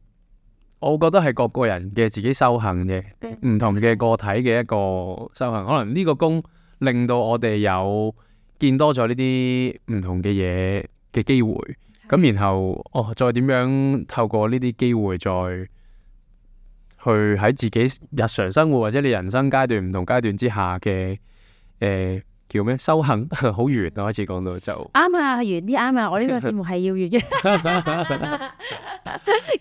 我覺得係各個人嘅自己修行嘅，唔 *laughs* 同嘅個體嘅一個修行。可能呢個工令到我哋有見多咗呢啲唔同嘅嘢嘅機會。咁然後哦，再點樣透過呢啲機會，再去喺自己日常生活或者你人生階段唔同階段之下嘅誒、呃、叫咩？修行 *laughs* 好圓啊，開始講到就啱啊，圓啲啱啊！我個節 *laughs* *laughs* 呢個節目係要圓嘅。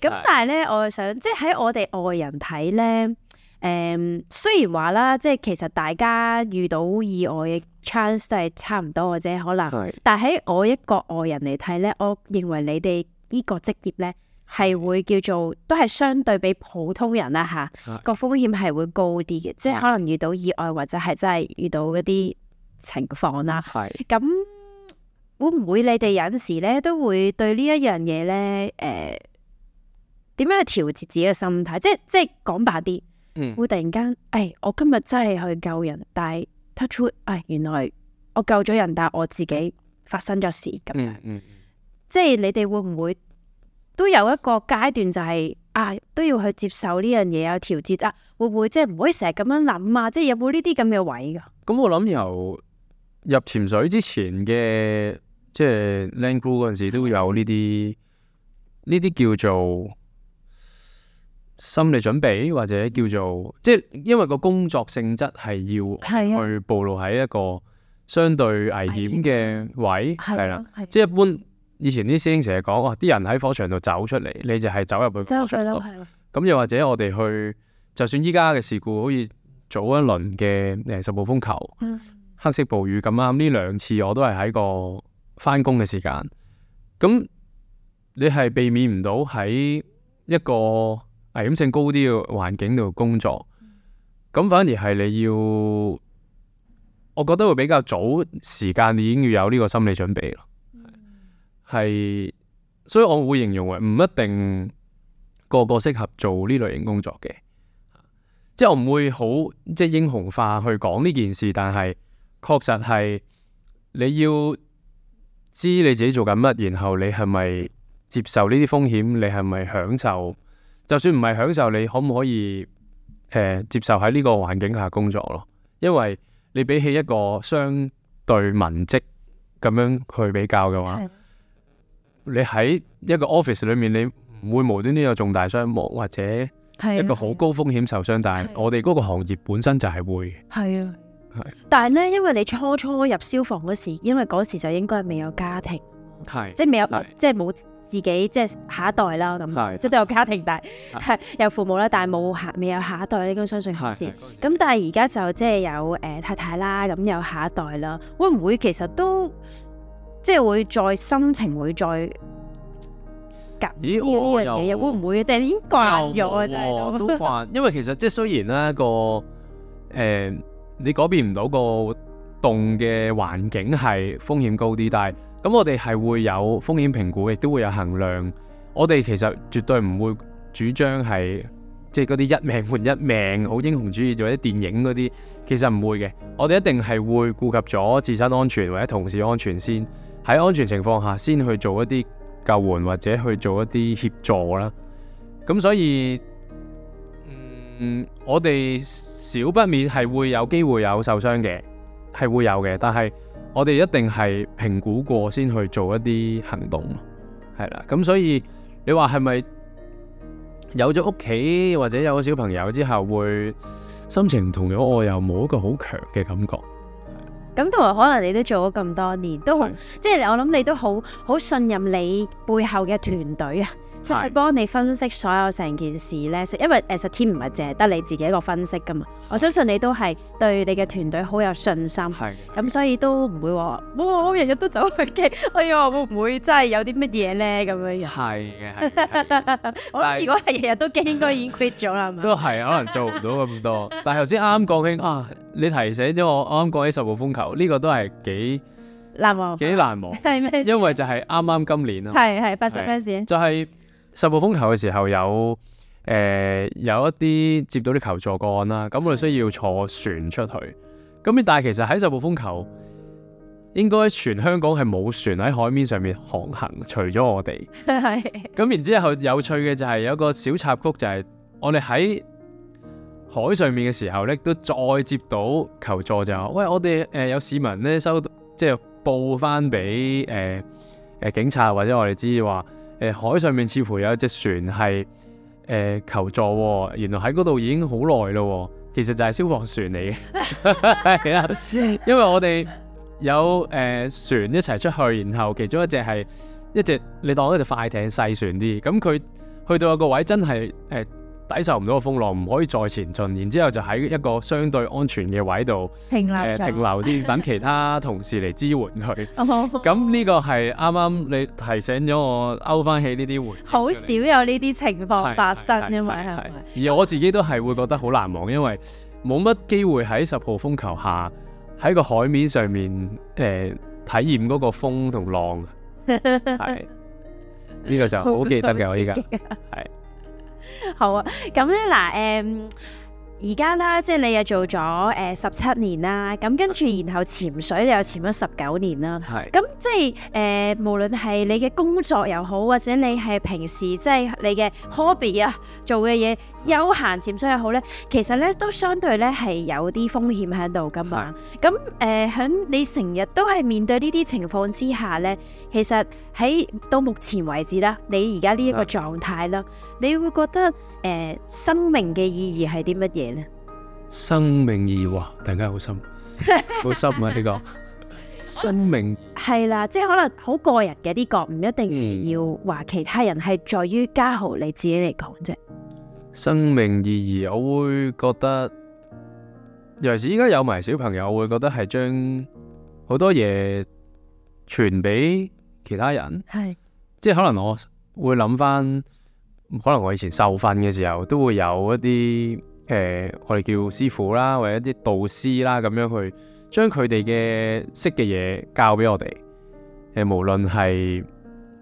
咁但係咧，我係想即係喺我哋外人睇咧，誒、嗯，雖然話啦，即係其實大家遇到意外嘅。chance 都係差唔多嘅啫，可能。是但係喺我一個外人嚟睇咧，我認為你哋呢個職業咧係會叫做都係相對比普通人啦吓，個、啊、是風險係會高啲嘅，是即係可能遇到意外或者係真係遇到嗰啲情況啦。係咁是會唔會你哋有陣時咧都會對呢一、呃、樣嘢咧？誒，點樣去調節自己嘅心態？即係即係講白啲，嗯，會突然間，誒、哎，我今日真係去救人，但係。出啊原來我救咗人，但係我自己發生咗事咁樣。嗯嗯、即係你哋會唔會都有一個階段就係啊，都要去接受呢樣嘢啊，調節啊，會唔會即係唔可以成日咁樣諗啊？即係有冇呢啲咁嘅位噶？咁我諗由入潛水之前嘅即係 land crew 嗰陣時都有呢啲呢啲叫做。心理準備或者叫做即係，因為個工作性質係要去暴露喺一個相對危險嘅位，係啦，即係一般以前啲師兄成日講，哇的、啲，哦，人喺火場度走出嚟，你就係走入去。咁又或者我哋去，就算依家嘅事故，好似早一輪嘅誒十號風球，的黑色暴雨咁啱，呢兩次我都係喺個返工嘅時間，咁你係避免唔到喺一個。危險性高啲嘅環境度工作，咁反而係你要，我覺得會比較早時間，你已經要有呢個心理準備咯。係，所以我會形容為唔一定個個適合做呢類型工作嘅，即係我唔會好即係英雄化去講呢件事，但係確實係你要知你自己做緊乜，然後你係咪接受呢啲風險，你係咪享受？就算唔係享受，你可唔可以誒接受喺呢個環境下工作咯？因為你比起一個相對文職咁樣去比較嘅話，你喺一個 office 裏面，你唔會無端端有重大傷亡或者一個好高風險受傷，但係我哋嗰個行業本身就係會。係啊，係。但係咧，因為你初初入消防嗰時，因為嗰時就應該係未有家庭，係即係未有即係冇。自己即係下一代啦，咁即係都有家庭，但係是， *laughs* 有父母啦，但係冇下，未有下一代，呢種相信好先。咁的但係而家就即係有誒、呃、太太啦，咁有下一代啦，會唔會其實都即係會再心情會再緊啲嘅呢樣嘢？會唔會？定已經慣咗啊？真係都 *laughs* 因為其實即係雖然咧、那個誒、呃，你改變唔到個凍嘅環境係風險高啲，但係。咁我哋係會有風險評估，亦都會有衡量。我哋其實絕對唔會主張係即係嗰啲一命換一命，好英雄主義，或者電影嗰啲，其實唔會嘅。我哋一定係會顧及咗自身安全或者同事安全先，喺安全情況下先去做一啲救援或者去做一啲協助啦。咁所以，嗯，我哋少不免係會有機會有受傷嘅，係會有嘅，但係。我哋一定係評估過先去做一啲行動，係啦。咁所以你話係咪有咗屋企或者有咗小朋友之後，會心情唔同咗我又冇一個好強嘅感覺？咁同埋可能你都做咗咁多年，都的即係我諗你都好好信任你背後嘅團隊啊。即係幫你分析所有成件事咧，因為其實 team 唔係淨係得你自己一個分析噶嘛。我相信你都係對你嘅團隊好有信心，咁所以都唔會話，哇！我日日都走去驚，哎呀，會唔會真係有啲乜嘢咧咁樣樣？係嘅。但係如果係日日都驚，應該已經 quit 咗啦，係咪？都係，可能做唔到咁多。但係頭先啱啱講起啊，你提醒咗我，啱啱講起十號風球，呢個都係幾難忘，幾難忘。係咩？因為就係啱啱今年啊，係係八十 percent。就係。十號風球嘅時候有誒、呃、有一啲接到啲求助個案啦，咁我哋需要坐船出去。咁但係其實喺十號風球，應該全香港係冇船喺海面上面航行，除咗我哋。係。咁然之後有趣嘅就係有個小插曲，就係我哋喺海上面嘅時候咧，都再接到求助就話：「喂，我哋誒、呃、有市民咧收即係、就是、報返俾誒誒警察或者我哋知話。誒海上面似乎有一隻船係誒、呃、求助，原來喺嗰度已經好耐咯，其實就係消防船嚟嘅。係啦，因為我哋有誒、呃、船一齊出去，然後其中一隻係一隻你當一隻快艇細船啲，咁佢去到有個位真係誒。呃抵受唔到個風浪，唔可以再前進，然之後就喺一個相對安全嘅位度停留啲，呃，等其他同事嚟支援佢。咁呢 *laughs* 個係啱啱你提醒咗我勾，勾翻起呢啲回。好少有呢啲情況發生，因為係而我自己都係會覺得好難忘，因為冇乜機會喺十號風球下喺個海面上面誒，呃、體驗嗰個風同浪。係呢， *laughs* 呢個就好記得嘅，我依家係。 *laughs* 好啊，咁咧，嗱，誒，而家啦，即係你又做咗誒十七年啦，咁跟住然後潛水你又潛咗十九年啦，係，咁即係誒，無論係你嘅工作又好，或者你係平時即係你嘅 hobby 啊，做嘅嘢休閒潛水又好咧，其實咧，都相對咧係有啲風險喺度噶嘛，咁誒響你成日都係面對呢啲情況之下咧，其實。喺到目前為止啦，你而家呢一個狀態啦，你會覺得誒生命嘅意義係啲乜嘢呢？生命意義喎，突然間好深，好深啊！呢個生命係啦，即係可能好個人嘅呢個，唔一定要話其他人係在於嘉豪，你自己嚟講啫。生命意義，我會覺得尤其是而家有埋小朋友，我會覺得係將好多嘢傳俾其他人係，是即係可能我會諗翻，可能我以前受訓嘅時候都會有一啲誒、呃，我哋叫師傅啦，或者一啲導師啦，咁樣去將佢哋嘅識嘅嘢教俾我哋。誒、呃，無論係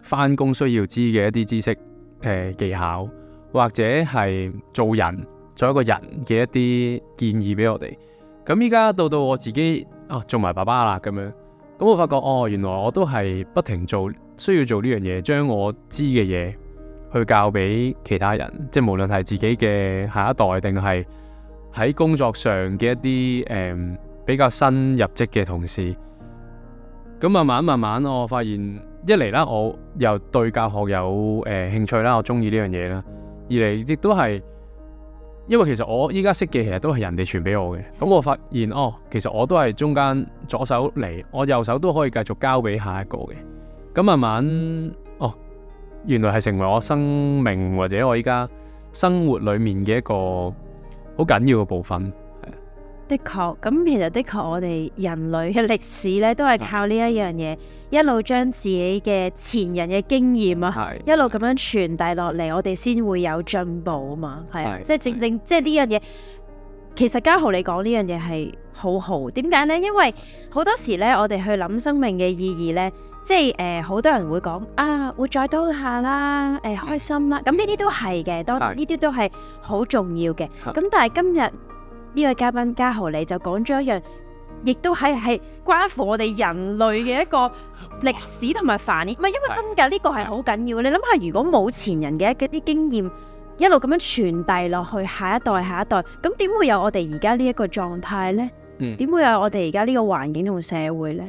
翻工需要知嘅一啲知識、誒、呃、技巧，或者係做人、做一個人嘅一啲建議俾我哋。咁依家到到我自己啊，做埋爸爸啦，咁樣。咁我發覺哦，原來我都係不停做需要做呢樣嘢，將我知嘅嘢去教俾其他人，即係無論係自己嘅下一代，定係喺工作上嘅一啲誒、嗯、比較新入職嘅同事。咁慢慢慢慢，我發現一嚟啦，我又對教學有誒、呃、興趣啦，我中意呢樣嘢啦；二嚟亦都係。因為其實我依家識嘅其實都係人哋傳俾我嘅，咁我發現哦，其實我都係中間左手嚟，我右手都可以繼續交俾下一個嘅，咁慢慢哦，原來係成為我生命或者我依家生活裏面嘅一個好緊要嘅部分。的確，咁其實的確，我哋人類嘅歷史咧，都係靠呢一樣嘢的一路將自己嘅前人嘅經驗啊，的一路咁樣傳遞落嚟，我哋先會有進步啊嘛，係啊的，即係正正即係呢樣嘢。其實嘉豪你講呢樣嘢係好好，點解呢？因為好多時咧，我哋去諗生命嘅意義咧，即係誒，好、呃、多人會講啊，活在當下啦，誒、呃，開心啦，咁呢啲都係嘅，當然呢啲都係好重要嘅。咁的但係今日，呢位嘉賓，嘉豪你就講咗一樣，亦都係係關乎我哋人類嘅一個歷史同埋繁衍。唔係哇，因為真㗎，呢、呢個係好緊要。是你諗下，如果冇前人嘅一啲經驗，一路咁樣傳遞落去下一代、下一代，咁點會有我哋而家呢一個狀態呢？點、嗯、會有我哋而家呢個環境同社會呢？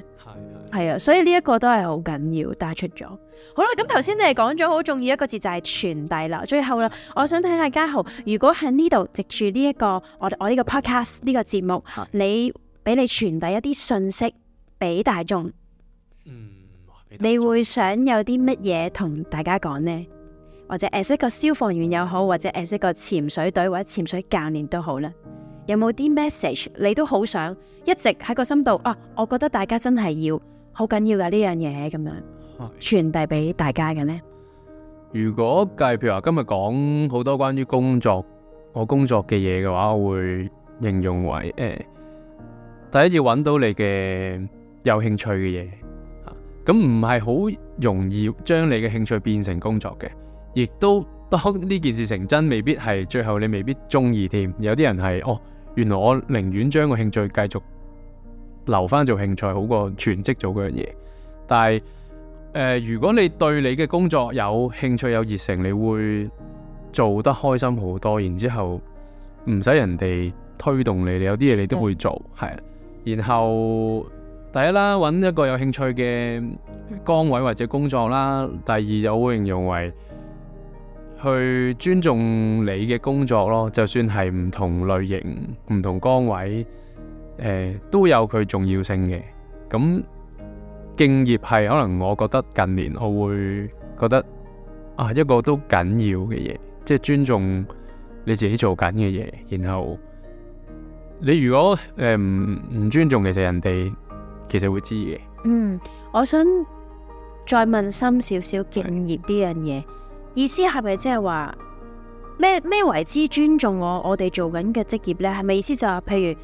係啊，所以呢一個都係好緊要，帶出咗好啦。咁頭先你係講咗好重要一個字，就係傳遞啦。最後啦，我想睇下嘉豪，如果喺呢度藉住呢一個我我呢個 podcast 呢個節目，的你俾你傳遞一啲信息俾大眾，嗯、大眾你會想有啲乜嘢同大家講呢？或者 as 一個消防員又好，或者 as 一個潛水隊或者潛水教練都好啦，有冇啲 message 你都好想一直喺個心度啊？我覺得大家真係要。好緊要㗎呢樣嘢咁樣，傳遞俾大家嘅呢。如果計譬如話今日講好多關於工作，我工作嘅嘢嘅話，我會形容為誒，第一要揾到你嘅有興趣嘅嘢。咁唔係好容易將你嘅興趣變成工作嘅，亦都當呢件事成真，未必係最後你未必中意添。有啲人係哦，原來我寧願將個興趣繼續。留翻做興趣好過全職做嗰樣嘢，但係、呃、如果你對你嘅工作有興趣有熱誠，你會做得開心好多，然之後唔使人哋推動你，你有啲嘢你都會做，係、嗯。然後第一啦，揾一個有興趣嘅崗位或者工作啦。第二，有我會形容為去尊重你嘅工作咯，就算係唔同類型、唔同崗位。誒，都有佢重要性嘅。咁敬業係可能我覺得近年我會覺得啊，一個都緊要嘅嘢，即係尊重你自己做緊嘅嘢。然後你如果誒唔唔尊重嘅，就人哋其實會知嘅。嗯，我想再問深少少，敬業呢樣嘢意思係咪即係話咩咩為之尊重我我哋做緊嘅職業呢？係咪意思就係、是、譬如？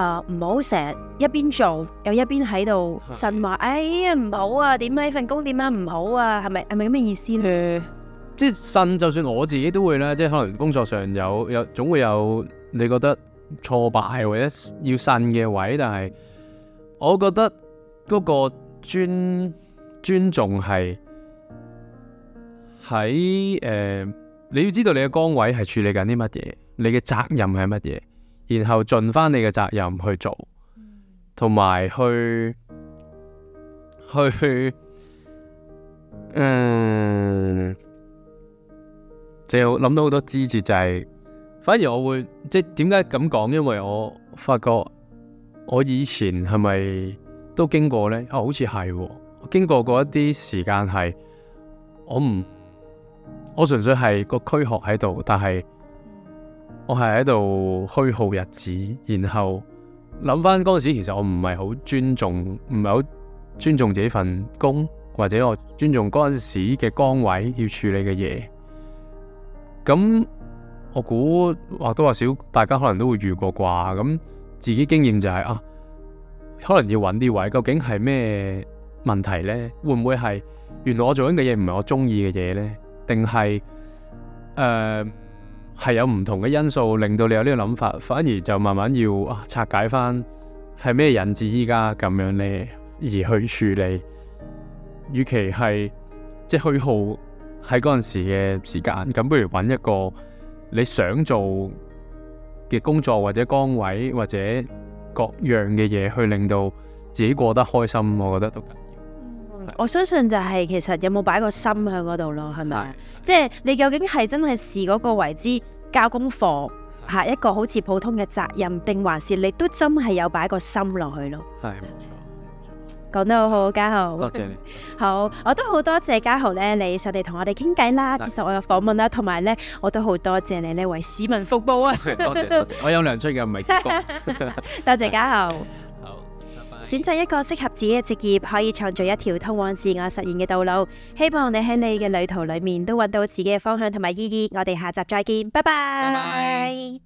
誒，唔好成日一邊做又一邊喺度呻話，哎呀，唔好啊，點解呢份工點解唔好啊？係咪係咪咁嘅意思咧？呃？即係呻，就算我自己都會啦。即係可能工作上有有總會有你覺得挫敗或者要呻嘅位，但係我覺得嗰個尊尊重係喺，誒，你要知道你嘅崗位係處理緊啲乜嘢，你嘅責任係乜嘢。然後盡返你嘅責任去做，同埋去去，嗯，你諗到好多枝節就係、是，反而我會即係點解咁講？因為我發覺我以前係咪都經過呢？啊、哦，好似係、哦，經過過一啲時間係我唔，我純粹係個軀殼喺度，但係，我係喺度虛耗日子，然後諗翻嗰陣時，其實我唔係好尊重，唔係好尊重自己份工，或者我尊重嗰陣時嘅崗位要處理嘅嘢。咁我估或多或少，大家可能都會遇過啩。咁自己經驗就係、是、啊，可能要揾啲位，究竟係咩問題呢？會唔會係原來我做緊嘅嘢唔係我中意嘅嘢呢？定係誒？呃係有唔同嘅因素令到你有呢個諗法，反而就慢慢要、啊、拆解翻係咩引致依家咁樣呢，而去處理。與其係即係虛耗喺嗰陣時嘅時間，咁不如揾一個你想做嘅工作，或者崗位，或者各樣嘅嘢，去令到自己過得開心，我覺得都緊。我相信就係、是、其實有冇擺個心喺嗰度咯，係咪？的即係你究竟係真係視嗰個為之交功課，下一個好似普通嘅責任，定還是你都真係有擺個心落去咯？係，冇錯。講得好好，嘉豪。多謝你。好，我都好多謝嘉豪咧，你上嚟同我哋傾偈啦，的接受我嘅訪問啦，同埋咧，我都好多謝你咧為市民服務啊！ *laughs* *laughs* 多謝多謝，我有良出嘅唔係。多謝嘉家豪。 *laughs* 選擇一個適合自己嘅職業，可以創造一條通往自我實現嘅道路。希望你喺你嘅旅途裏面都揾到自己嘅方向同埋意義。我哋下集再見，拜拜。